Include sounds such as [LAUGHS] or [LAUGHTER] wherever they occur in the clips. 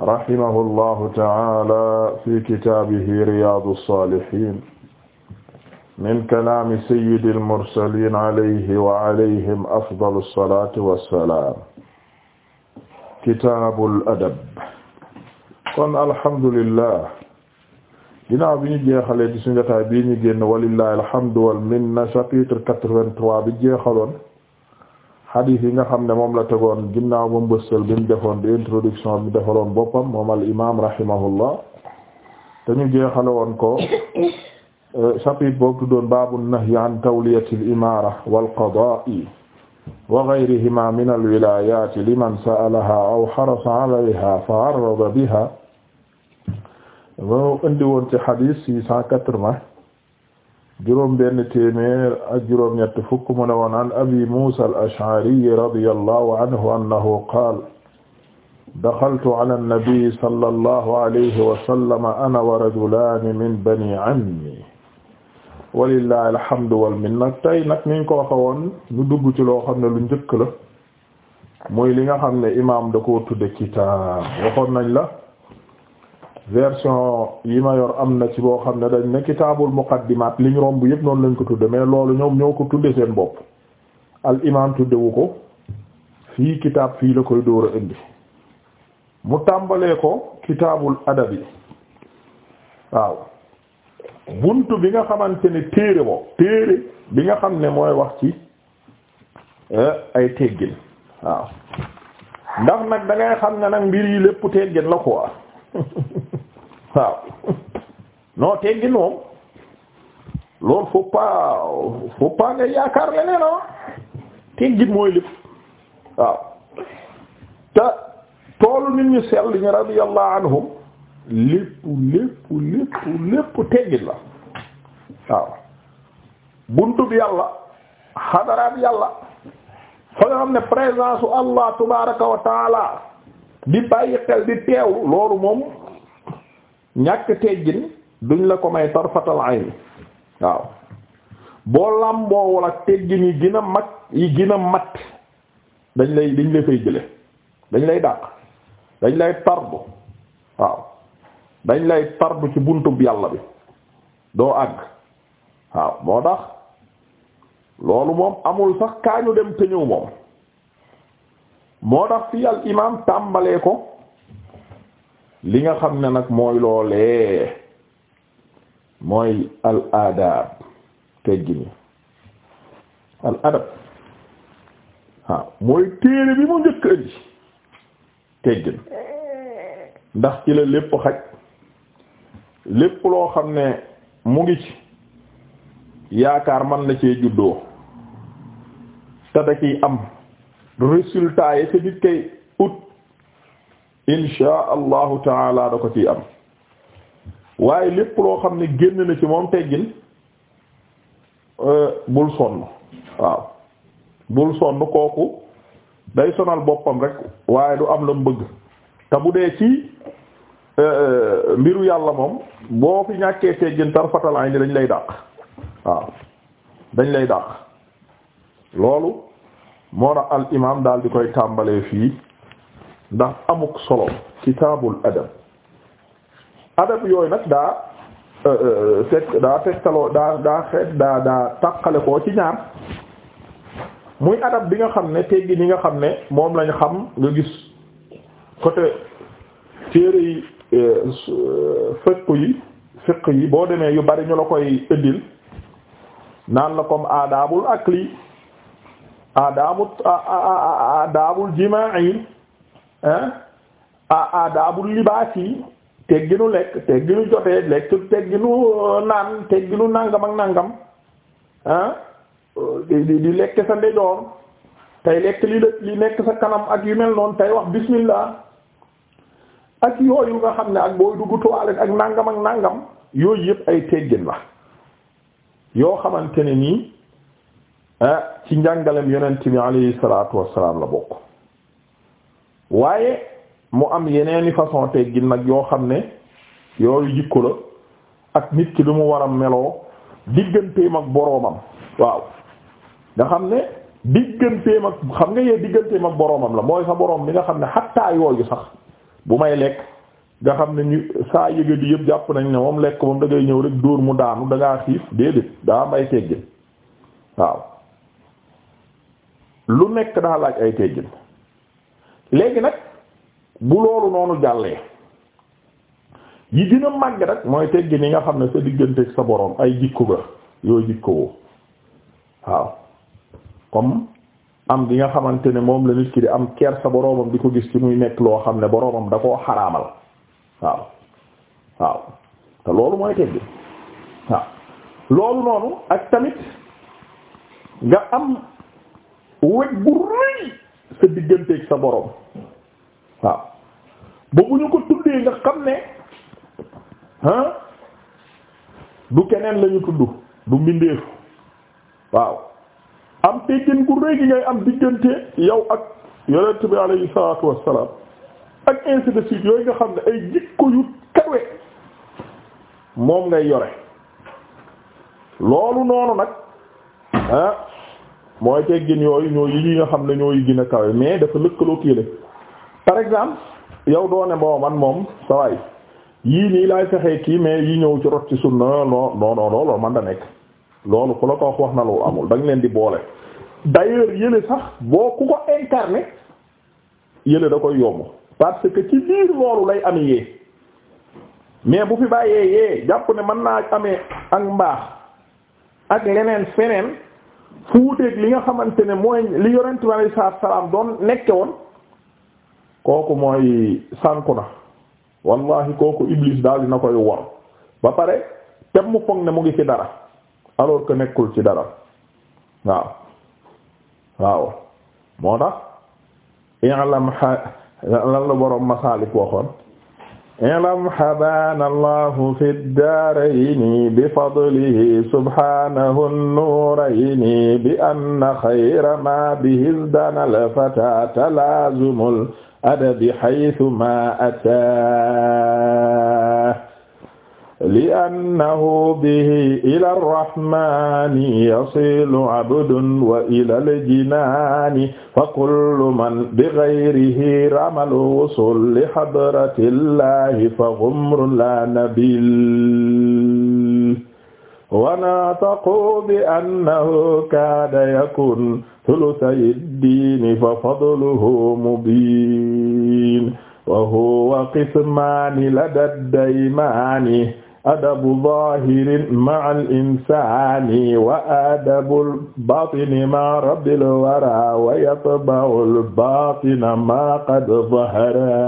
rahimahullahu ta'ala fi kitaabihi riyaadu saalihiin min kalaami sayyidil mursaliin alayhi wa alayhim afdalu salaati wa salaam kitaabul adab kon alhamdulillah ginnaaw bi ñu jeexalee ci sunu jotaay bii ñu génn walillahi alhamdu wal minna chapitre quatre-vingt-trois bi jeexaloon xadiis yi nga xam ne moom la tegoon ginnaaw ba mbëstal bi mu defoon di introduction bi defaloon boppam moom al imaam rahimahullah te ñu jeexale woon ko euh, chapitre boobu tuddoon baabu nahyi an tawliyati al imaara wal qadaa'i wa gayrihima min al wilayaati liman sa'alahaa aw harasa alayhaa fa arrada bihaa indi woon ci xadiis six cent quatre-vingts juróom benn téeméer ak juróom ñett fukk mu ne an abi musa al-ash'ari radiyallahu anhu annahu qaala daxaltu ala an-nabi sallallahu alayhi wa ana wa min bani ammi walillahi alhamdu wal minna tey nag niñ ko waxe woon ñu dugg ci loo xam ne lu njëkk la muy li nga xam ne imaam da koo tudde kitaab waxoon nañ la version yi ma yor am na ci boo xam ne dañ ne kitaabul muqaddimaat liñ romb yëpp noonu lañ ko tudde mais loolu ñoom ñoo ko tudde seen bopp al imaam tuddewu ko fii kitaab fii la koy dóor a indi mu tàmbalee ko kitaabul adabi waaw buntu bi nga xamante ne téere bo téere bi nga xam ne mooy wax ci eh, ay teggin waaw ndax nag da xam ne nag mbir yi lépp teggin la quoi [LAUGHS] waaw non teggin moom loolu faut pas faut leneen ah teggin mooy lépp waaw te toolu nit ñu sell ñu anhum lépp lépp lépp lépp teggin la waaw buntu bi yàlla xadaraat yàlla fa ne présence Allah tabaraka wa di bàyyi xel di teew loolu moom ñàkk teggin duñ la ko may tarfatal ayni waaw boo làmboo wala teggin yi gën mag yi gën a dañ lay dañ lay fay jële dañ lay dàq dañ lay tarbu waaw dañ lay tarbu ci buntub yàlla bi doo àgg waaw moo tax loolu moom amul sax kaa ñu dem te ñëw moom moo tax fi al imaam tàmbalee ko li nga xam ne nag mooy loolee mooy al adab teggini al adab waaw mooy téere bi mu njëkk ëndi teggin ndax ci la lépp xaj lépp loo xam ne mu ngi ci yaakaar man na cee juddoo te da am résultat yi ca nit kay ut insha allahu taala da ko ci am waaye lépp loo xam ne génn na ci moom teggin euh, bul sonn waaw bul sonn kooku day sonal boppam rek waaye du am la mu bëgg te bu dee ci euh, mbiru yàlla moom boo fi ñàkkee teggin tarfatalaay ni dañ lay dàq waaw dañ lay dàq loolu moo tax al imaam daal di koy tàmbalee fii ndax amuk solo kitaabul adab adab yooyu nag daa teg euh, euh, daa tegtaloo daa daa xeet daa daa tàqale koo ci ñaar muy adab bi nga xam ne teggi ni nga xam ne moom lañ xam nga gis côté téere yi euh, fiq yi fiq yi boo demee yu bari ñu la koy ëddil naan la kom aadaabul akli aadaabul aadaabul jimaa'i ah adaabul libaas yi tegginu lekk tegginu jotee lekk tegginu euh, naan tegginu nàngam ak nàngam ah euh, di di lekk sa ndejoor tey lekk li li nekk sa kanam ak yu mel noonu tey wax bismillah ak yooyu nga xam ne ak booy dugg toilette ak nàngam ak nàngam yooyu yëpp ay teggin la yoo xamante ne nii ah ci njàngalem yonent bi alayhi salaatu wassalaam la bokk waaye mu am yeneeni façon teggin nag yoo xam ne yooyu jikko la ak nit ki lu mu war a meloo digganteem ak boroomam waaw nga xam ne digganteem ak xam nga yee digganteem ak boroomam la mooy sa boroom bi nga xam ne xattaa yooyu sax bu may lekk nga xam ne ñu saa yëga di yëpp jàpp nañ ne moom lekk moom da ngay ñëw rek dóor mu daanu da ngaa xiif déedéet daa am ay teggin waaw lu nekk daa laaj ay teggin léegi nag bu loolu noonu jàllee yi gën a màgg rek mooy teggi ni nga xam ne sa digganteeg sa boroom ay jikko ga yooyu jikkowoo waaw comme am gi nga xamante ne moom la nit ki di am ker sa boroomam di ko gis ci muy nekk loo xam ne boroomam da koo xaraamal waaw waaw te loolu mooy teggi waaw loolu noonu ak tamit nga am weg bu rëy sa digganteeg sa borom waaw ba ñu ko tuddee nga xam ne ah du keneen la ñu tudd du mbindeef waaw am teggin gu rëy ngay am diggante yow ak yonent bi alayhi salaatu wassalaam ak ainsi de yooyu nga xam ne ay jikko yu kawe moom ngay yore loolu noonu nag ah mooy teggin yooyu ñoo yi nga xam ne ñoo yi gën a kawe mais dafa lëkkaloo kii par exemple yow doo ne bon man moom sa yii nii laay fexee kii mais yi ñëw ci rot ci sunna non non man da nekk loolu ku la ko wax wax na lu amul da leen di boole. d'ailleurs yële sax boo ku ko incarné yële da koy yomb parce que ci biir loolu lay amee yee mais bu fi bàyyee yee jàpp ne man naa amee ak mbaax ak leneen feneen. fu wuteeg li nga xamante ne mooy li yonent bi alayhi salaatu salaam doon nekke woon kooku mooy sànku na wallahi kooku iblis daal dina koy wor ba pare te mu foog ne mu ngi ci dara alors que nekkul ci dara waaw waaw moo tax i'lam lan la boroom masaalik waxoon ilam habana allahu fi daarayni bi fadlihi subhanahu nuurayni bi anna xayra ma bihi izdana al-fata talaazumul adabi haythu ma ataa li annahu bihi ila arrahmani yasilu abdun wa ila aljinani fa kullu man bighayrihi ramal wusul li hadratillahi fa ghumrun la nabil wa nataqu bi annahu kaada yakun thuluthay ad-din fa fadluhu mubin wa huwa qismani lada ad-daymani adabu zahirin ma'al insani wa adabul batini ma'a rabbil wara wa yatba'ul batina ma qad zahara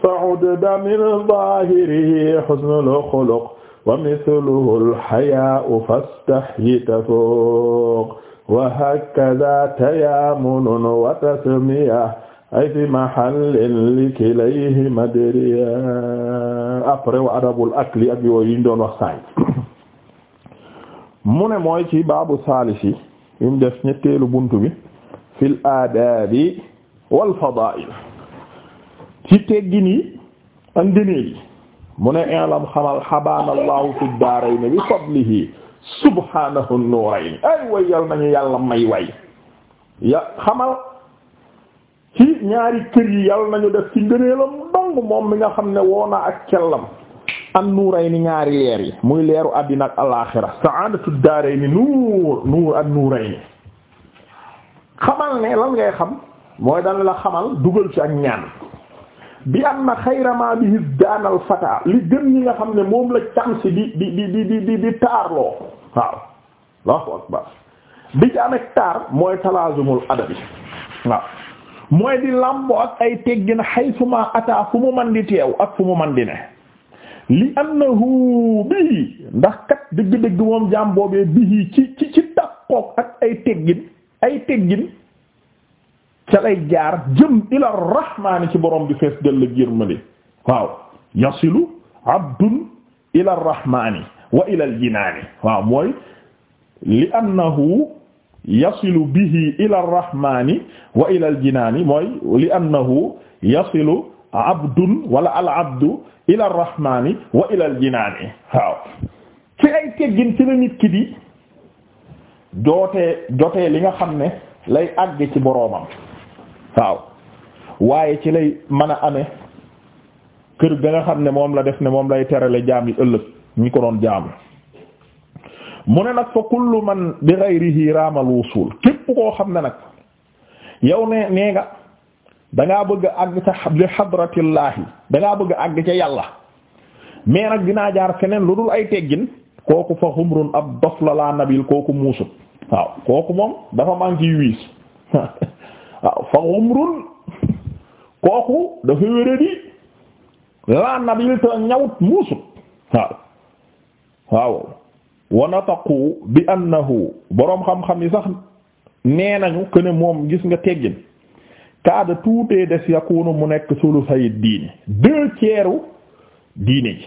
fa'udda min zahirihi husnul khuluq wa mithluhul haya'u fastahyi tafuq wa hakadha tayamunun wa tasmiyah ay fi mahallin li kilayhi madriya après wa adabul akli ak yooyu doon wax saay mu ne mooy ci baabu saalisi yi mu def ñetteelu buntu bi fil aadaabi wal fadaa'il ci teggin yi ak ngëneel yi mu ne fi daarayni bi fadlihi subhaanahu nuurayni ay way yal nañu yàlla may way ya xamal ci ñaari kër yi yàlla nañu def ci ngëneelam dong moom mi nga xam ne woona ak cellam an nuuray ni ñaari leer yi muy leeru àddina ak alaaxira saadatu daaray ni nuur nuur an nuuray ni xamal ne lan ngay xam mooy dana la xamal dugal ci ak ñaan bi am na xayramaa bi his daanal fataa li gën ñi nga xam ne moom la camsi di di di di di di taarloo waaw allahu akbar bi ci am ak taar mooy talaazumul adabi waaw mooy di làmboo ak ay teggin xaysuma ataa fu mu man ak fu mu man di ne li annahu bii ndax kat dëgg-dëgg moom jaam boobee bii ci ci ci ak ay teggin ay teggin ca lay jaar jëm ila rahmaani ci borom bi fees dell ak yërmande waaw yasilu abdun ila rahmaani wa ila aljinaani waaw mooy li annahu yasilu bihi ila arrahmani wa ila aljinaani mooy li annahu yasilu abdun wala al abdu ila arrahmani wa ila aljinaani waaw ci ay teggin ci la nit ki di dootee jotee li nga xam ne lay àgg ci boroomam waaw waaye ci lay mën a amee kër ga nga xam ne moom la def ne moom lay terale jaam yi ëllëg ñi ko doon jaamu mu ne nag fa kullu man bi ghayrihi raamal wusul képp koo xam ne nag yow ne nee dangaa bëgg a àgg ca li xadratillaahi dangaa bëgg a àgg ca yàlla mais nag dinaa jaar feneen lu dul ay teggin kooku fa xumrun ab dof la laa nabil kooku muusut waaw kooku moom dafa manqué wiis [LAUGHS] waaw fa xumrun kooku dafa wéradi laa nabil te ñawut muusut waaw waaw wa nataqu bi annahu boroom xam-xam yi sax nee nañu que ne moom gis nga teggin kaada tuutee des yakunu mu nekk sulu say diini deux tiers diine ji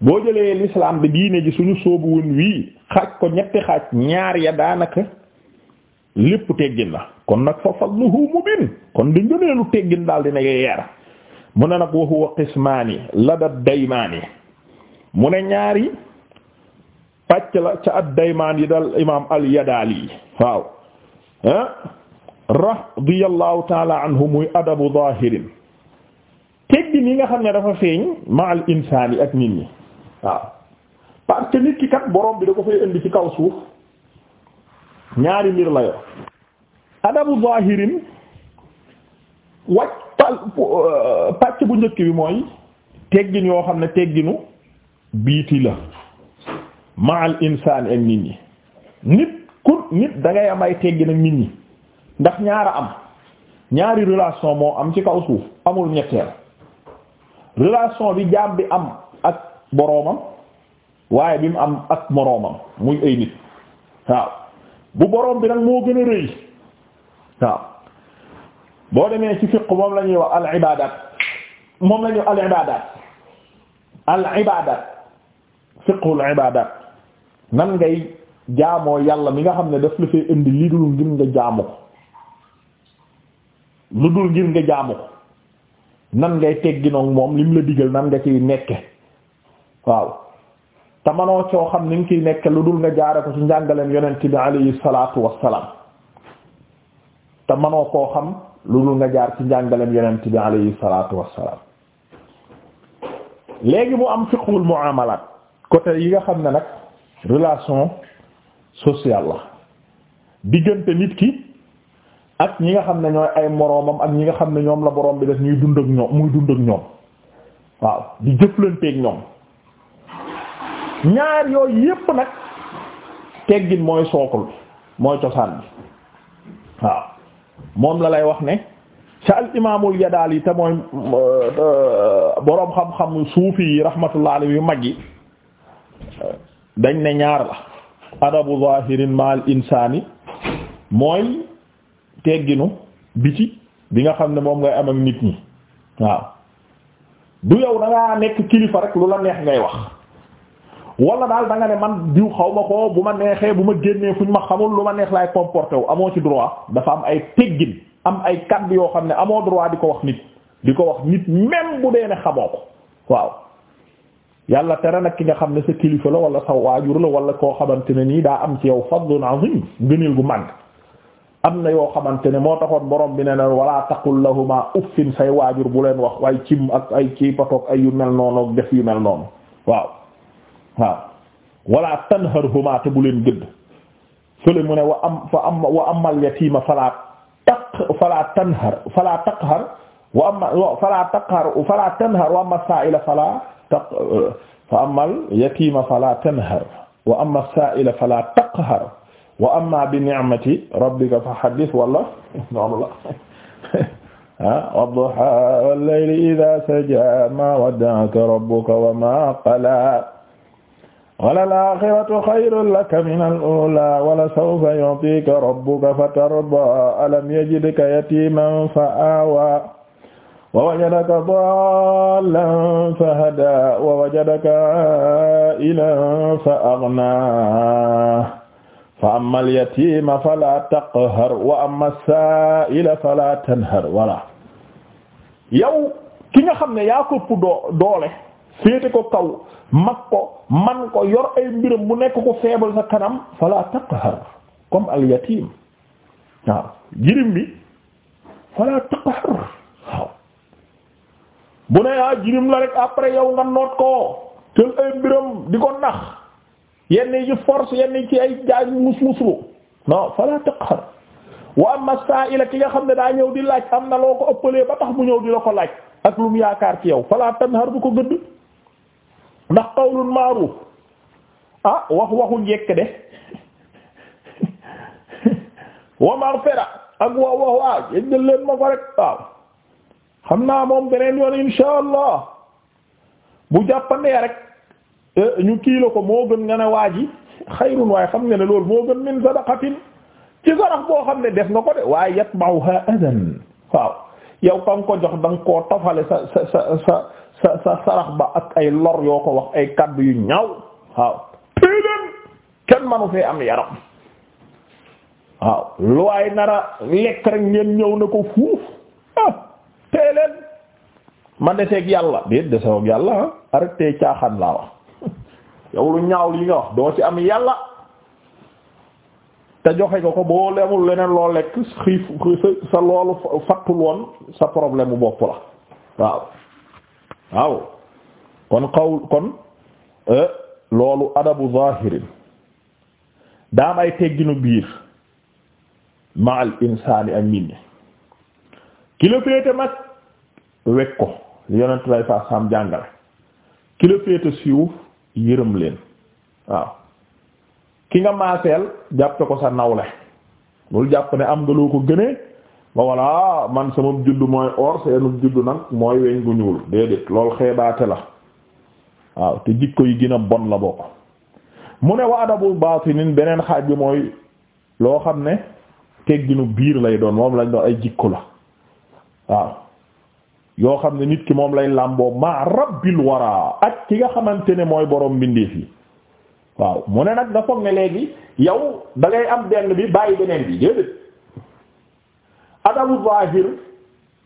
boo jëlee l'islam bi diine ji suñu soobu woon wii xaaj ko ñetti xaaj ñaar ya daanaka lépp teggin la kon nag fa fadluhu mubin kon di ngëneelu teggin daal dina yeer mu ne nag wa huwa qismaani daymaani mu ne ñaari pàcc la ca ad yi dal imaam al-Yadaali waaw ah radiyallahu anhu muy adabu zahirin teggin yi nga xam ne dafa feeñ ma al ak nit ñi waaw parce nit ki kat borom bi da ko fay indi ci kaw suuf ñaari mbir la yo adabu zahirin wàcc euh, pàcc bu njëkk bi mooy teggin yoo xam ne tegginu biiti la ma'al insaan ak nit ñi nit ku nit da am ay teggin ak nit ñi ndax ñaara am ñaari relation moo am ci kaw suuf amul ñetteel relation bi jaam bi am ak boroomam waaye bi mu am ak moroomam muy ay nit waaw bu boroom bi nag moo gën a rëy waaw boo demee ci fiqh moom la ñuy wax al ibadat moom la ñuy al ibadat al ibadat fiqhul ibadat nan ngay jaamoo yàlla mi nga xam ne daf la fee indi li dul ngir nga jaamu ko lu dul ngir nga jaamu ko nan ngay tegginoog moom lim la digal nan nga ciy nekke waaw te manoo coo xam ni nga ciy nekke lu dul nga jaare ko ci njàngaleen yonent bi alayhi salaatu wassalaam te manoo koo xam lu dul nga jaar ci njàngaleen yonent bi alayhi salaatu wassalaam léegi mu am fiqhul muamalat côté yi nga xam ne nag relation social la diggante nit ki ak ñi nga xam ne ñooy ay moroomam ak ñi nga xam ne ñoom la boroom bi def ñuy dund ak muy dund ak ñoom waaw di jëflanteeg ñoom ñaar yooyu yépp nag teggin mooy sookul mooy cosaan bi waaw moom la lay wax ne ca al imaamul yadaal yi te mooy euh, euh, boroom xam-xam suufi yi rahmatullah yu mag yi dañ ne ñaar la adabu zahirin mal insani mooy tegginu biti bi nga xam ne moom ngay am ak nit ñi waaw du yow da ngaa nekk kilifa rek lu la neex ngay wax wala daal da nga ne man diw xaw ma ko bu ma neexee bu ma génnee fu ñu ma xamul lu ma neex laay comporté wu amoo ci droit dafa am ay teggin am ay kàddu yoo xam ne amoo droit di ko wax nit di ko wax nit même bu dee ne xamoo ko waaw yàlla tere nag ki nga xam ne sa kilifa la wala sa waajur la wala koo xamante ne nii daa am ci yow fadlun azim gëneel gu màgg am na yoo xamante ne moo taxoon borom bi ne na wala taqul lahuma uffin say waajur bu leen wax waaye cim ak ay ci patoog ay yu mel noonu def yu mel noonu waaw waaw wala tanharhuma te bu leen gëdd fële mu ne wa am fa am wa amal yatiima fala taq fala tanhar fala taqhar wa am fala taqhar fala tanhar wa amma sa'ila fala taq fa amal yatiima fala tanhar wa amma saa'ila fala taqhar wa amma bi ni'mati rabbika fa haddith wala [LAUGHS] noonu la [LAUGHS] wadduhaa wallayli idhaa sajaa maa wadda'aka rabbuka wa maa qalaa walal aaxiratu xayrun laka minal uulaa walasawfa yu'tiika rabbuka fatardaa alam yajidka yatiiman fa aawaa wa wajadaka dallan fa ilan fa aghnaa fa amma taqhar wa amma saila tanhar voilà yow ki nga xam ne yaa ko doole féete ko kaw mag ko yor ay mbiram bu nekk ko feebal sa kanam fala taqhar comme alyatim waaw jirim taqhar bu ne ah jirim la rek après yow nga noot koo tël ay mbiram di ko nax yenn yi ci force yenn yi ci ay jaay mus muslu non fala taqhar wa amma sa'ila ki nga xam ne daa ñëw di laaj am na loo ko ëppalee ba tax mu ñëw di la ko laaj ak lu mu yaakaar ci yow fala tanhar bu ko gëdd ndax qawlun ma'ruf ah wax waxu njekk de [LAUGHS] wa marfera ak wa wa waa jël leen ma ko rek waaw xam naa moom beneen yoon insha allah bu jàppandee rek eh, ñu kiilo ko moo gën nga ne waa ji xayrun waaye xam nga ne loolu moo gën min sadaqatin ci sarax boo xam ne def nga ko de waaye yatba'uha adan waaw yow ka nga ko jox da nga koo tofale sa sa sarax ba ak ay lor yoo ko wax ay kaddu yu ñaaw waaw téydén kenn manu fee am yaram waaw lu waay nara lekk rek ngeen ñëw na ko fuuf ah. ma deseeg yàlla déet deseeg yàlla ah caaxaan laa wax [LAUGHS] yow lu ñaaw li nga wax doo ci am yàlla te joxe ko ko boo lemul leneen loo lekk xiif sa loolu fattul woon sa problème bu bopp la waaw waaw kon xaw kon e, loolu adabu zahirin daam ay tegginu biir ma al insaani ak nit ñi ki la mag wekk ko yonent bay fa sam jàngale ki la féete yërëm leen waaw ki nga maaseel jàppe ko sa nawle loolu jàpp ne am nga loo ko gënee ba walla man sama juddu mooy or seenu juddu nag mooy weñ gu ñuul déedéet loolu xeebaate la waaw te jikko yi gën a bon la bokk mu ne wa adabul baatinin beneen xaaj bi mooy loo xam ne tegginu biir lay doon moom lañ doon ay jikko la waaw yoo xam ne nit ki moom lay làmboo ma rabbil wara ak ki nga xamante ne mooy boroom mbindeef yi waaw mu ne nag nga foog léegi yow da am benn bi bàyyi beneen bi déedéet adabu zahir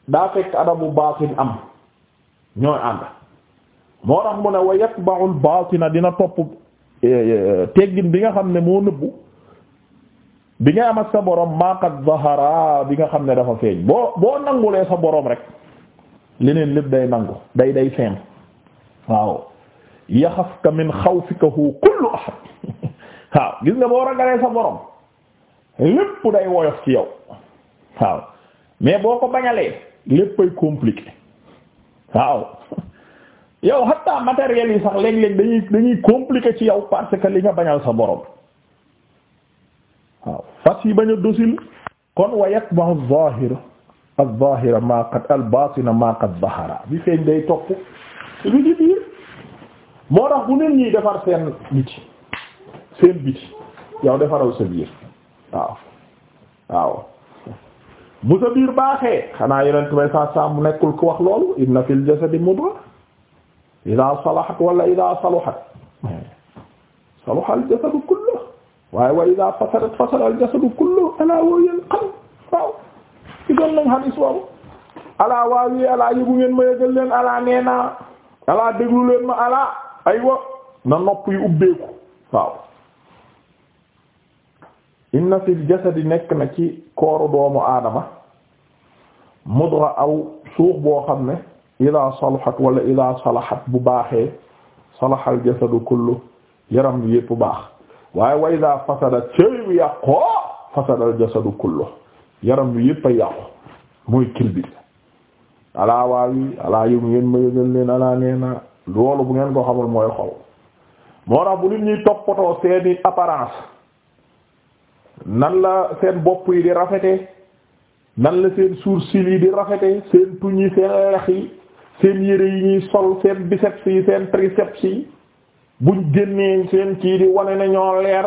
daa fekk adabu baatin am ñooy ànd moo tax mu ne wa yatba'ul baatina dina topp eh, eh, teggin bi nga xam ne moo nëbbu bi nga am ak sa borom ma zahara bi nga xam ne dafa feeñ boo boo nangulee sa boroom rek leneen lépp day nangu day day feeñ waaw xaw min xawfikahu kullu ahad [LAUGHS] waaw gis nga boo ragalee sa borom lépp day woyof ci yow waaw mais boo ko bañalee léppay compliqué waaw [LAUGHS] yow hatta matériel yi sax léeg-léeg dañuy dañuy compliqué ci yow parce que li nga bañal sa borom waaw fas yi bañ a dosil kon wa yatba'u az-zahir al-zaahira maa qad al-baatina maa qad zahara bi feeñ day topp lu ci biir moo tax bu nit ñi defar seen biti seen biti yow defaral sa biir waaw waaw bu sa biir baaxee xanaa yonent bay saa saa mu nekkul ku wax loolu inna fil jasadi mudra idaa salahat wala idaa saluhat saluha al jasadu kullu waaye wa idaa fasadat fasada al jasadu kullu alaa wa hiya al gisoon nañ xadis boobu alaa waawi alaa yëgu ngeen ma yëgal leen alaa nee naa alaa déglu leen ma alaa aywa na nopp yu ubbeeku waaw inna fil jasadi nekk na ci kooru doomu aadama mudra aw suux boo xam ne idaa salahat wala idaa salahat bu baaxee salahal jasadu kullu yaram wi yépp baax waaye wa idaa fasadat cëy wi yàqoo fasadal jasadu kullu yaram bi yëpp a yàqu mooy kilbit alaa waawi alaa yëgu ngeen ma yëgal leen alaa nee na loolu bu ngeen ko xamul mooy xol moo tax bu nit ñuy toppatoo seeni apparence nan la seen bopp yi di rafete nan la seen sourcils yi di rafete seen tuñ yi seen lex yi seen yére yi ñuy sol seen biceps yi seen triceps buñ génnee seen ci di wane ne leer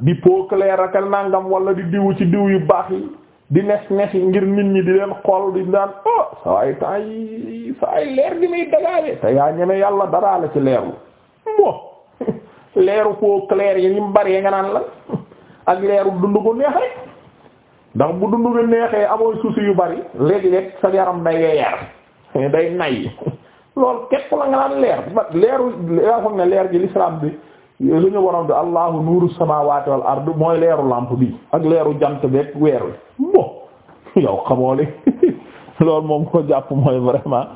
di peau claire ak nangam wala di diwu ci diw yu baax yi di nes nes yi ngir nit ñi di leen xool di daan oh saa yi temps yi saa leer gi muy dagaale te yaa ñeme yàlla daraa la ci leerlu mo [LAUGHS] leeru peau claire yi ni mu bëree nga naan la [LAUGHS] ak leeru dund ko neex rek ndax bu dund bi neexee amoy soucis yu bari léeg-léeg sa yaram day yeer [LAUGHS] day nay loolu képp la nga naan leer leeru yaa foog ne leer gi l'islam bi li nga waroon di allahu nuuru samaawaati wal ard mooy leeru lampe bi ak leeru jant beeg weer wi bon yow xamoo li [LAUGHS] loolu moom ko jàpp mooy vraiment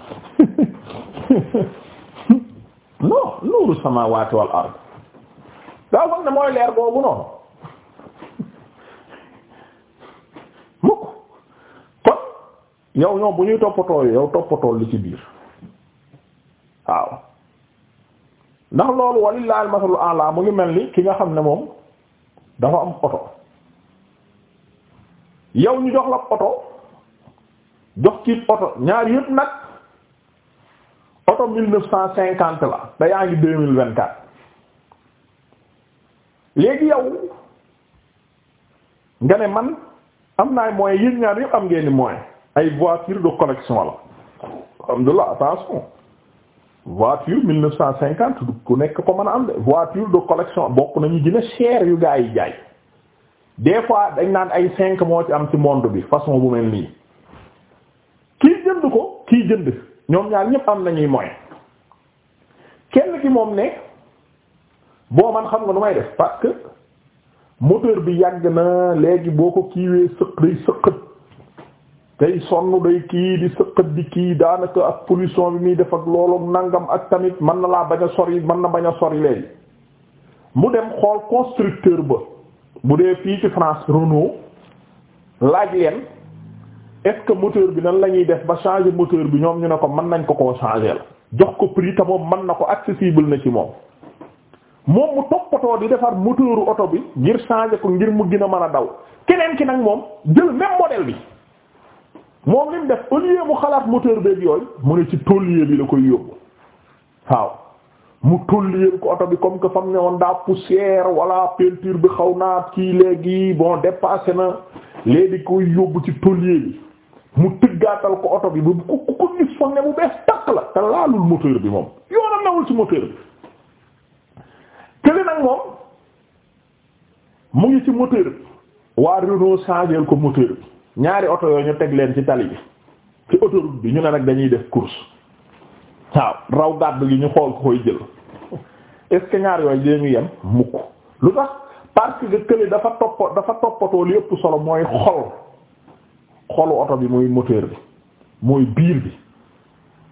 [LAUGHS] non nuuru samaawaati wal ard daa foog ne mooy leer boobu noonu [LAUGHS] mukk kon yow ñoom bu ñuy toppatoo yow toppatoo li ci biir waaw. ndax loolu walillahi al en a'la mu ngi mel ni ki nga xam ne moom dafa am oto yow ñu jox la oto jox ci oto ñaar yëpp nag oto mille neuf cent cinquante la da ngi deux mille vingt quatre léegi yow nga ne man am naay moyen yéen ñaar yëpp am ngeen ni moyen ay voiture de collection la alhamdulillah attention voiture mille neuf cent cinquante ku nekk ko mën a am de voiture de collection bokk nañu gën cher yu gaa yi jaay des fois dañ naan ay cinq moo ci am ci monde bi façon bu mel nii kii jënd ko kii jënd ñoom ñaar ñëpp am nañuy moyen kenn ki moom ne boo man xam nga nu may def parce que moteur bi yàgg na léegi boo ko kiiwee sëq day sëqat day sonn day kii di sëqat di kii daanaka ak pollution bi muy def ak loolu nangam ak tamit man na laa bañ a sori man na bañ a sori léegi mu dem xool constructeur ba bu dee fii ci France Renault laaj leen est-ce que moteur bi nan la ñuy def ba changer moteur bi ñoom ñu ne ko mën nañ ko koo changer la jox ko prix te moom mën na ko accessible na ci moom moom mu toppatoo di defar moteuru oto bi ngir changer ko ngir mu gën a mën a daw keneen ki nag moom jël même bi moom lim def au lieu xalaat moteur beeg yooyu mu ne ci tôlier bi la koy yóbbu waaw mu tôlier ko oto bi comme que fam ne woon daa poussière wala peinture bi xaw naa kii léegi bon dépassé na léegi koy yóbbu ci tôlier bi mu tëggaatal ko oto bi bu ku ko gis fam ne bu bees takk la te laalul moteur bi moom yoonam nawul ci moteur bi kële nag moom mu ngi ci moteur bi waa Renault changé ko moteur bi ñaari oto yooyu ñu teg leen ci tali bi ci autoroute bi ñu ne nag dañuy def course waaw raw gàddu gi ñu xool ko koy jël [LAUGHS] est-ce que ñaar yooyu dinañu yem mukk lu tax parce que kële dafa toppa dafa toppatoo li ëpp solo mooy xol xolu oto bi mooy moteur bi mooy biir bi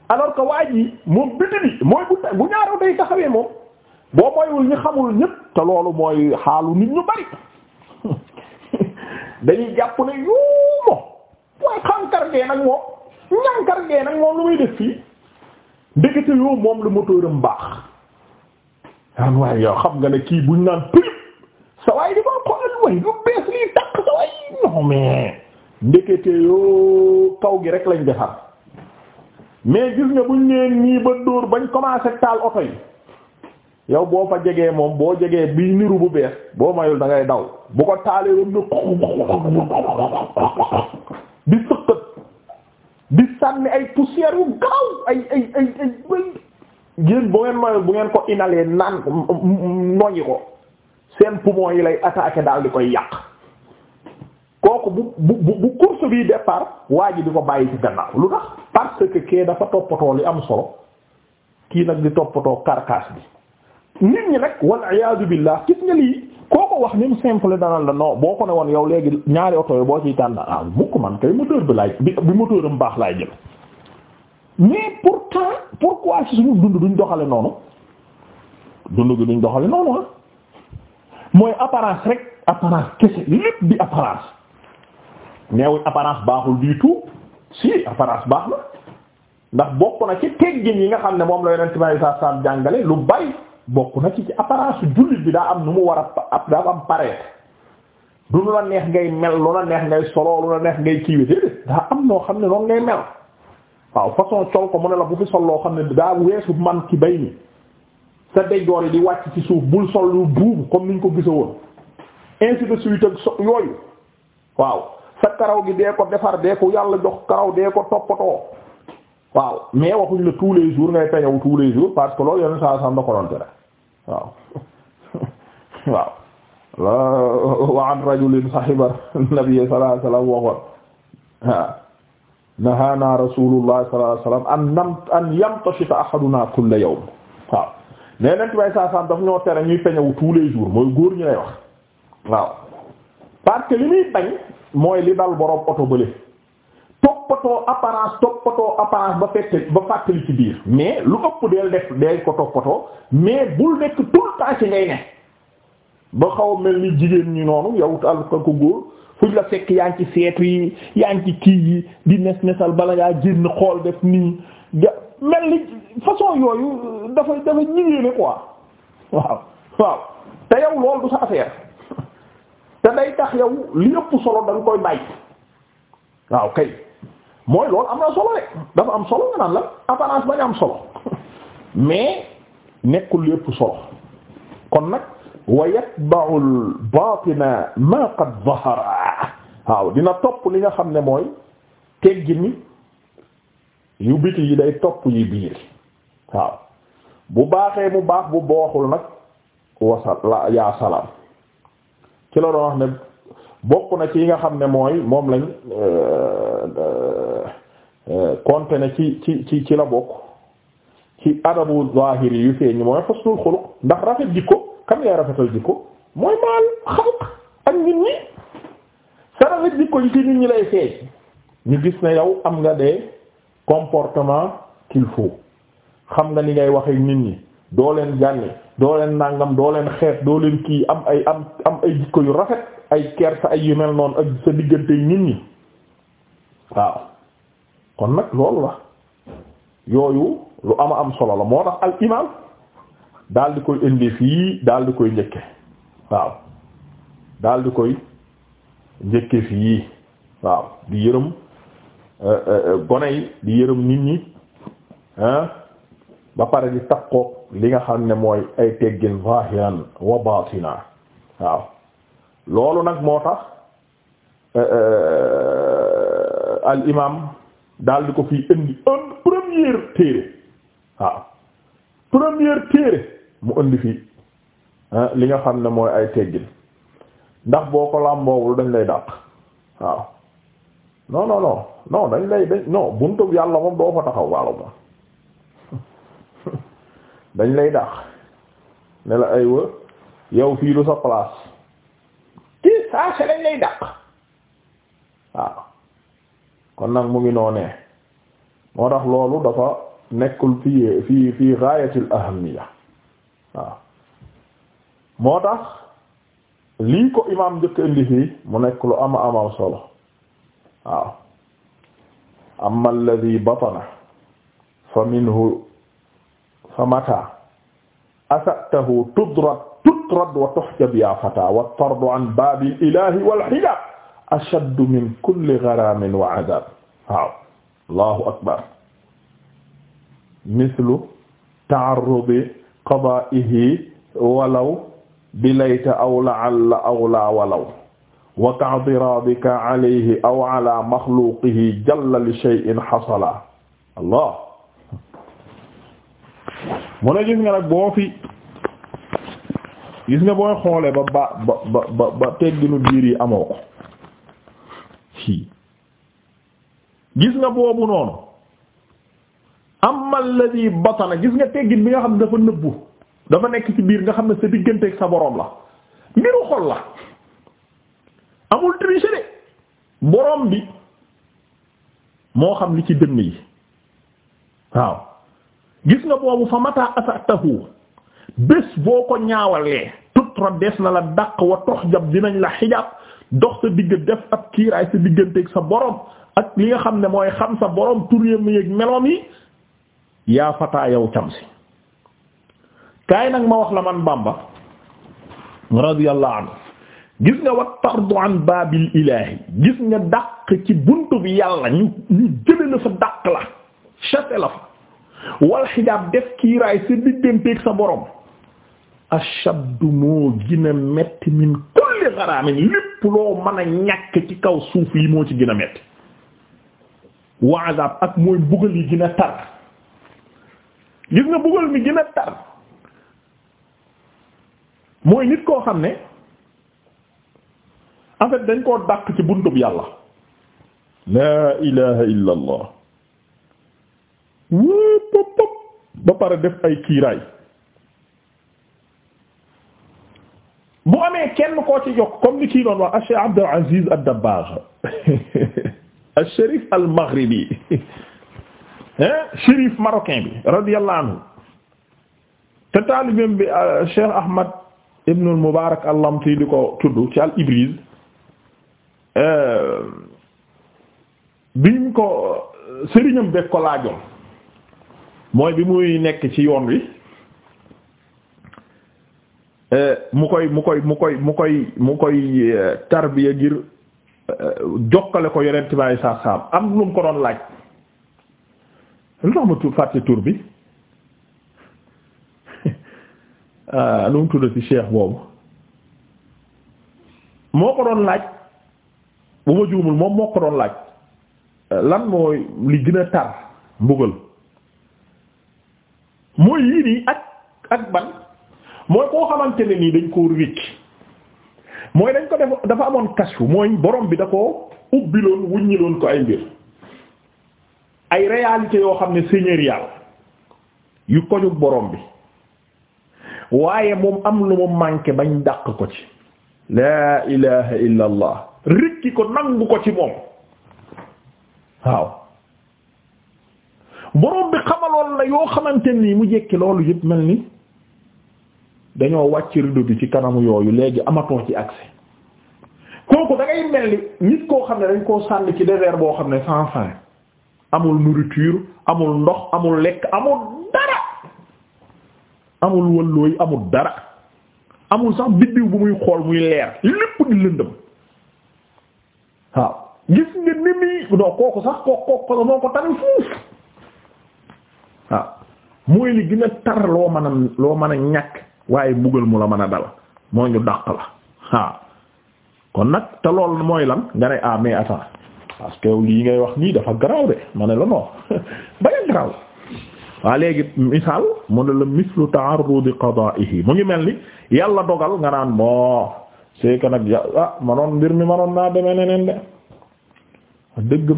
alors que waa ji moom biti mooy bu bu ñaaroo day taxawee moom boo moywul ñu xamul ñëpp te loolu mooy xaalu nit ñu bari [LAUGHS] dañuy jàpp ne yo mooy xankar gee nag moom ñankar gee nag moom lu muy def fii ndekete yoo moom lu motooram baax daan waaye yow xam nga ne kii buñ naan prip sa waay di maa xoolal way lu bees lii takk sa waay mais ndekete yoo kaw gi rek lañu defar mais gis nga buñ neen nii ba dóor bañ commencé taal oto yi yow boo fa jegee moom boo jegee bi niru bu bees boo mayul dangay daw bu ko taalee woon ne di sëqat di sànni ay poussière yu gaaw ay ay ay ay bu ngeen moy bu ngeen ko inalee naan noñi ko seen poumon yi lay attaqué daal di koy yàq kooku bu bu bu course bi départ waa ji di ko bàyyi ci gannaaw lu tax parce que kee dafa toppatoo li am solo kii nag di toppatoo carcasse bi nit ñi nag wal iyaadu billah gis nga lii kooko wax ni mu simple danaan la non boo ko ne woon yow léegi ñaari oto yi boo ciy tànn ah mukk man kay moteur bi laay bi bi baax laay jël mais pourtant pourquoi si suñu dund duñ doxale noonu dund gi duñ doxale noonu ah mooy apparence rek apparence kese lépp di apparence neewuñ apparence baaxul du tout apparence baax na ndax bokk na ci teggin yi nga xam ne moom la yeneen ci may sa sam jàngale lu bari bokk na ci ci apparence jullit bi daa am nu mu war a daa am pareet du lu la neex ngay mel lu la neex ngay solo lu la neex ngay kiiwee déedéet daa am noo xam ne noonu ngay mel waaw façon col ko mu ne la bu fi sol loo xam ne daa weesu man ki bay ni sa déjoor yi di wàcc ci suuf bul sol lu buubu comme ñu ko gisa woon ainsi suite ak so yooyu waaw sa karaw gi dee ko defar dee ko yàlla jox karaw dee ko toppatoo waaw mais waxuñ la tous les jours ngay peñaw waaw [LAUGHS] waaw la wa an rajulin sahiba nabi sallallahu alayhi wasallam waxoon nahaana rasulullah sallallahu alayhi wasallam an nam an yamtashita ahaduna kulla yawm waaw ne nent way saasam daf ñoo tere ñuy peñawu tous les mooy góor ñi lay wax waaw parce li muy bañ mooy li dal borom oto bële toppatoo apparence toppatoo apparence ba fekk ba ci biir mais lu ëpp deel def deel ko toppatoo mais bul nekk tout le temps ci ngay ne ba xaw mel ni jigéen ñi noonu yow al ko góor fuñ la fekk yaa ngi ci seetu yi yaa ngi ci kii yi di nes nesal bala ngaa génn xool def nii ga mel ni façon yooyu dafa dafa jigéene quoi waaw waaw te yow loolu du sa affaire te day tax yow li ëpp solo da koy bàyyi waaw kay mooy lool am na solo rek dafa am solo nga naan la apparence bañ am solo mais nekkul lépp solo kon nag wa yatba'u al-batina ma qad dina topp li nga xam ne mooy teggini yu biti yi day topp yi biir waaw bu baaxee mu baax bu booxul nag wasal la yaa salaam ci doon wax ne bokk na ci yi nga xam ne mooy moom lañ euh, euh, compte ne ci ci ci ci la bokk ci adabu zahiri yu feeñ mooy xusnul xuluq ndax rafet jikko kan ngay rafetal jikko mooy maal xalq ak nit ñi sa rafet jikko yi ci nit ñi lay feeñ ñu gis na yow am nga des comportements qu'il faut xam nga ni ngay waxe nit ñi doo leen jànni doo leen nàngam doo leen xeet doo leen kii am ay am am ay jikko yu rafet ay kersa ay yu mel noonu ak sa diggante nit ñi waaw kon nag loolu la yooyu lu ama am solo la moo tax al imaam di koy indi fii daal di koy njëkke waaw daal di koy njëkke fii waaw di yërëm eh, eh, eh, gone yi di yërëm nit ñi ba pare di takkook li nga xam ne mooy ay teggin zahiran wa waaw loolu nag moo tax euh, euh, al imam daal di ko fii indi un première téere waaw première téere mu indi fii li nga xam ne mooy ay teggin ndax boo ko làmboowul dañ lay dàq waaw non non non non dañ lay dañ non buntu yàlla moom doo fa taxaw waalo moom [LAUGHS] dañ lay dàq ne la aywa yow fii du sa place saa lañ lay dàq waaw kon nag mu ngi noonee moo tax loolu dafa nekkul fii fii fii gaayatil ahamiya waaw moo tax lii ko imaam njëkk indi fii mu nekk lu ama amaam solo waaw amma alladhi batana fa minhu fa mata asatahu tudrat tutrad wa tuhjab ya fata wa tardu an babil ilahi wal hijab ashaddu min kulli gharamin wa adab waaw allahu akbar mislu ta'arrudi qada'ihi walaw bilayta aw la'alla aw la walaw wa ka'diraadika alayhi aw ala maxluqihi jalla li shay'in hasala allah mu ne gis nga nag boo fi gis nga booy xoole ba ba ba ba ba tegginu biir yi amoo ko gis nga boobu noonu amma alladhi batana gis nga teggin bi nga xam ne dafa nëbbu dafa nekk ci biir nga xam ne sa digganteeg sa boroom la mbiru xol la amul tricher de boroom bi moo xam li ci dënn yi waaw gis nga boobu fa mata asatahu bés boo ko ñaawalee tutra des na la dàq wa tox jab dinañ la xijab dox sa digg def ab kiiraay sa digganteeg sa boroom ak li nga xam ne mooy xam sa borom tur yeeg meloom yi yaa fataa yow cam si nag ma wax la man Bamba radiyallahu anhu gis nga wat tardu an baabil ilaahi gis nga dàq ci buntu bi yàlla ñu ñu jële la fa dàq la chassé la fa wal xijaab def kiiraay sa digganteeg sa borom ashaddu moo gën a metti min kulli xaraamin lépp loo mën a ñàkk ci kaw suuf yi moo ci gën metti wa ak mooy mbugal yi gën tar gis nga mbugal mi gën tar mooy nit koo xam ne en dañ koo dàq ci buntub yàlla laa ilaha illa allah wópp ba pare def ay kiiraay bu amee kenn koo ci jokk comme li kii doon wax Cheikh Abdul Aziz ad-Dabbagh al-Sharif al-Maghribi Chérif marocain bi radiyallahu anhu te taalibeem bi euh, Cheikh Ahmad ibn al-Mubarak al-Lamti di ko tudd ci al-Ibriz euh, biñ ko euh, sëriñam beeg ko laajoon mooy bi muy nekk ci yoon wi. Euh, mu koy mu koy mu koy mu koy mu koy euh, tarbiya ngir euh, jokkale ko yonent bi alayhi salaatu salaam am lu ko doon laaj lu tur bi lu [LAUGHS] mu tuddati cheikh boobu moo doon laaj bu ma juumul moom moo ko doon laaj lan mooy li gën a tar mbugal mooy yii nii ak ak ban mooy koo xamante ne nii dañ koo wékk mooy dañ ko def dafa amoon kasfu mooy borom bi da ko ubbiloon wuññiloon ko ay mbir ay réalités yoo xam ne seigneurial yu koñu borom bi waaye moom am lu mu manqué bañ dàq ko ci laa ilaha illa allah rikki ko nangu ko ci moom waaw borom bi xamaloon la yoo xamante nii mu jekki loolu yëpp mel ni dañoo wàcc rido bi ci kanamu yooyu léegi amatoo ci accès kooku da mel nit koo xam ne dañ koo sàll ci désert boo xam ne sans fin amul nourriture amul ndox amul lekk amul dara amul wëllooy amul dara amul sax biddiw bu muy xool muy leer lépp di lëndëm waaw gis nga ni muy kooku sax ko ko moo ko tane fuuf waaw mooy li gën a tar loo mën a loo mën a ñàkk waaye mbugal mu la mën a dal moo ñu dàq la waaw kon nag te lool mooy lan nga ne ah mais attends lii ngay wax nii dafa garaaw de ma ne la non [LAUGHS] bañ a waa léegi misaal mu ne la mislu ta'arrud qada'ihi mu ngi mel ni yàlla dogal nga naan moo c'est nag ah manoon mbir mi manoon naa demee neneen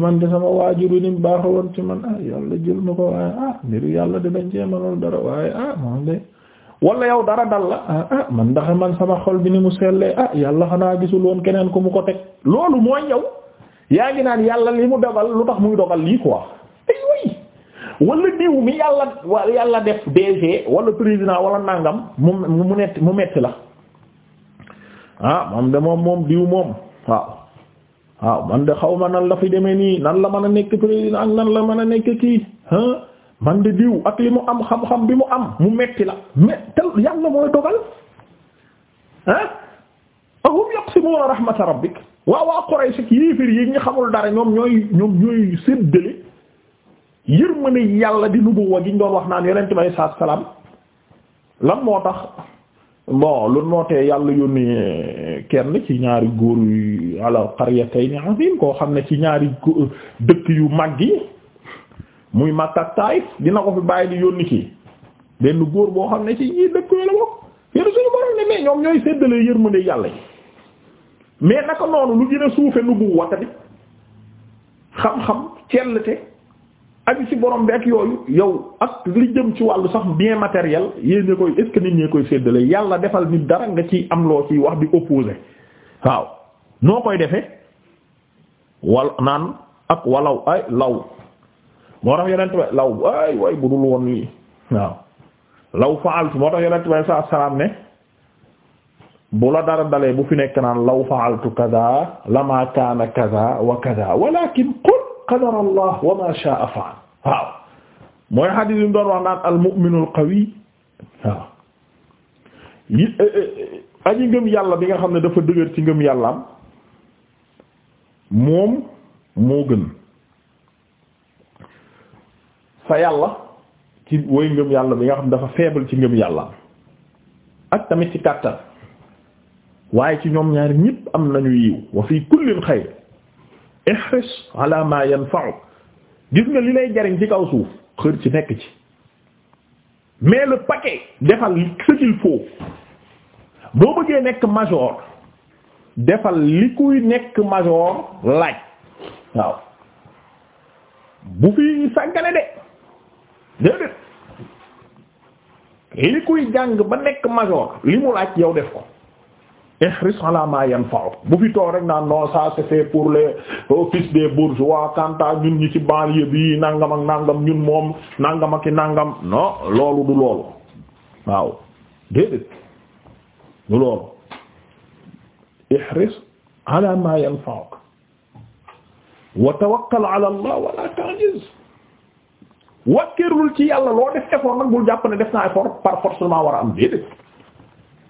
man de sama waajur yi ni ci man ah yàlla ah mbiru yàlla de dañ cee manoon dara waaye ah moom de wala yow dara dal la ah, ah man ndax man sama xol bi ni mu sellee ah yàlla xanaa gisul woon keneen ko mu ko teg loolu mooy yow yaa ngi naan yàlla li mu dogal lu tax muy dogal lii quoi aywa wala diw mi yàlla yàlla def DG wala président wala nangam mu mu metti mu metti la ah moom de moom moom diw moom waaw waaw ah, man de xaw ma nan la fi demee nii nan la mën a nekk président nan la mën a nekk kii man de diw ak li mu am xam-xam bi mu am mu metti la mais te yàlla mooy dogal ah ahum yaqsimuna rahmata rabbik waaw waa Quraysh ak yéefir yi ñu xamul dara ñoom ñooy ñoom ñooy séddale yërmande yàlla di nubuwa gi ñu doon wax naan yonent may saa salaam lan moo tax bon lu nootee yàlla yoon kenn ci ñaari góor yu ala qaryatayn azim koo xam ne ci ñaari dëkk yu mag yi muy Makka Taif dina ko fi bàyyi di yónni kii benn góor boo xam ne ci ñii dëkk yooyu la bokk yéen suñu borom ne mais ñoom ñooy séddale yërmande yàlla yi mais naka noonu lu gën a suufe nu bu wata bi xam-xam cellte ak ci borom bi ak yooyu yow ak li jëm ci wàllu sax bien matériel yéen ñi koy est nit ñi koy séddale yàlla defal nit dara nga ci am loo ciy wax di opposé waaw noo koy defee wal naan ak walaw ay law moo tax yonent ba law waay waay bu dul woon lii waaw law faaltu moo tax yonent bay sa salaam ne bu la dara dalee bu fi nekk naan law faaltu kaza lama kaana kaza qul qadara allah waaw mooy xadiis yi doon wax naan al mu'minul waaw eh, eh, eh, aji ngëm yàlla bi nga xam ne dafa dëgër ci ngëm yàllaam moom moo gën fa yàlla ci woy ngëm yàlla bi nga xam dafa faible ci ngëm yàlla ak tamit ci kàttan waaye ci ñoom ñaari ñépp am nañu yiw wa fii kullin xayr ihris ala ma yanfa'u gis nga li lay jariñ ci kaw suuf xër ci nekk ci mais le paquet defal ce qu'il faut boo bëggee nekk major defal li kuy nekk major laaj waaw bu fi sàggane de déedéet li kuy jàng ba nekk major li mu laaj yow def ko ihris ala ma yanfa'u bu fi toog rek naan non ça c'est fait pour les fils des bourgeois kanta ñun ñi ci banlieue bi nangam ak nangam ñun moom nangam ak non loolu du loolu waaw déedéet du loolu ihris ala ma yanfa'u wa tawakkal ala Allah wa wàkkirlul ci yàlla loo def effort nag bul jàpp ne def naa effort par force maa war am déedéet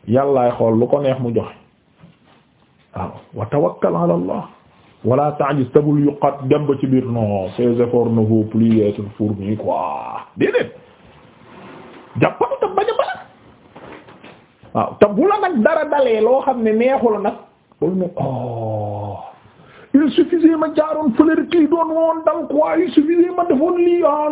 yàllaay xool lu ko neex mu joxe waaw wa tawakkal ala allah tabul yuqat dem ba ci biir non ces efforts ne vaut waaw te bu la nag dara dalee loo xam ne neexul nag loolu il ma jaaroon fële doon woon dal quoi il suffisait ma defoon lii ah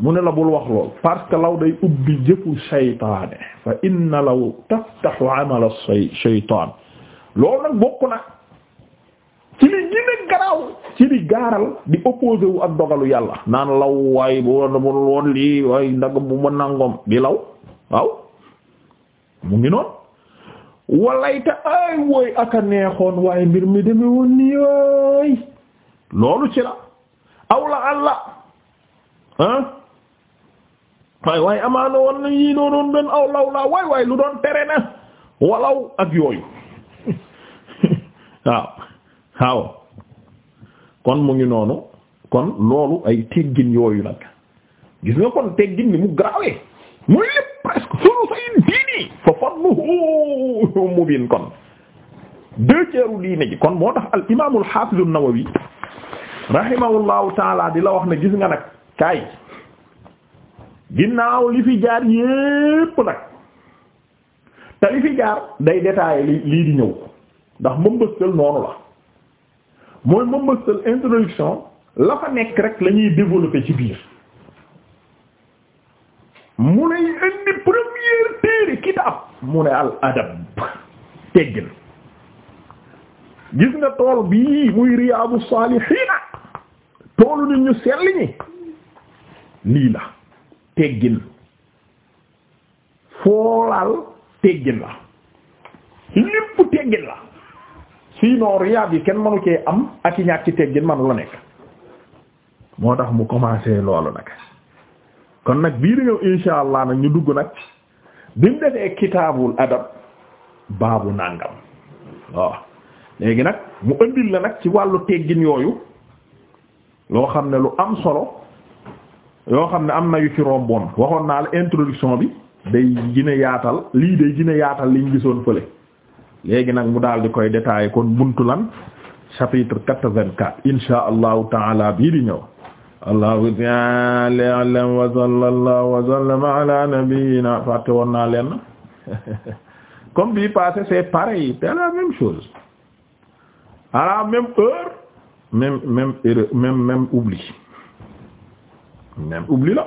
mu ne la bul wax lool parce que law day ubbi jëfu shaytaane fa inna law taftaxu amala shaytaan loolu nag bokk na ci li gën garaaw ci li gaaral di opposé wu ak dogalu yàlla naan law waay bu woon lii bu di law waaw mu ngi noonu walayta ay wooy ak a neexoon waaye mbir mi deme woon nii waay loolu ci la aw la allah ah waaye amaana woon na yii doonoon doon aw law laa waay waay lu doon tere na walaw ak yooyu [LAUGHS] waaw waaw kon mu ngi noonu kon loolu ay teggin yooyu nag gis nga kon teggin ni mu grawee muy lépp presque sunu say diini fa fadluhu sifru mubin kon deux tiers u diine ji kon moo tax al imaamul xaafizu Nawawi rahimahullahu taala di la wax na gis nga nag kaay ginnaaw li fi jaar yépp nag te li fi jaar day détaillé li lii di ñëw ndax mëmbëstal noonu la mooy mëmbëstal introduction la fa nekk rek la ñuy ci biir mu lay indi premier kitaab mu ne al adab teggin gis nga tool bii muy riyaadu saalihiina toolu nit ñu sell ñi lii la teggin foolaal teggin la lépp teggin la sinon riyaad yi kenn manu cee am ak i ñàkk teggin manu la nekk moo tax mu commencé loolu nag kon nag bii di insha allah nag ñu dugg nag bi mu defee kitaabul adab baabu nàngam waaw léegi nag mu ëndil la nag ci wàllu teggin yooyu loo xam ne lu am solo yoo xam ne am na yu ci romboon waxoon naa la introduction bi day gën yaatal lii day gën a yaatal liñ gisoon fële léegi nag mu daal di koy détailler kon buntu lan chapitre quatre-vingt-quatre insha allahu taala bii di ñëw allahu ta'ala a'lam wa sallallahu wa sallama ala nabiyyina fàtte woon naa leen [LAUGHS] comme bii passé c'est pareil c'est la même chose à la heure même même même même oubli même oubli la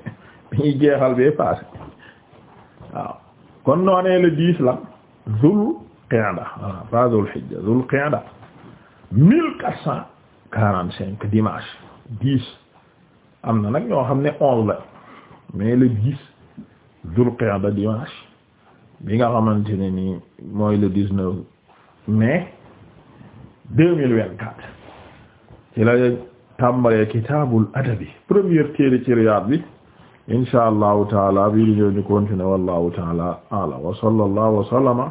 [LAUGHS] ñuy jeexal bee passé le dix la Zul Qiyada voilà pas Zul dimanche dix am na nag ñoo xam ne onze la mais le dix Dul bi nga xamante ne nii mooy le dix-neuf mai deux mille vingt-quatre ci kitaabul adabi première téere ci Riyad bi insha taala bii di ñëw ñu continuer wallahu taala a'lam wa sallallahu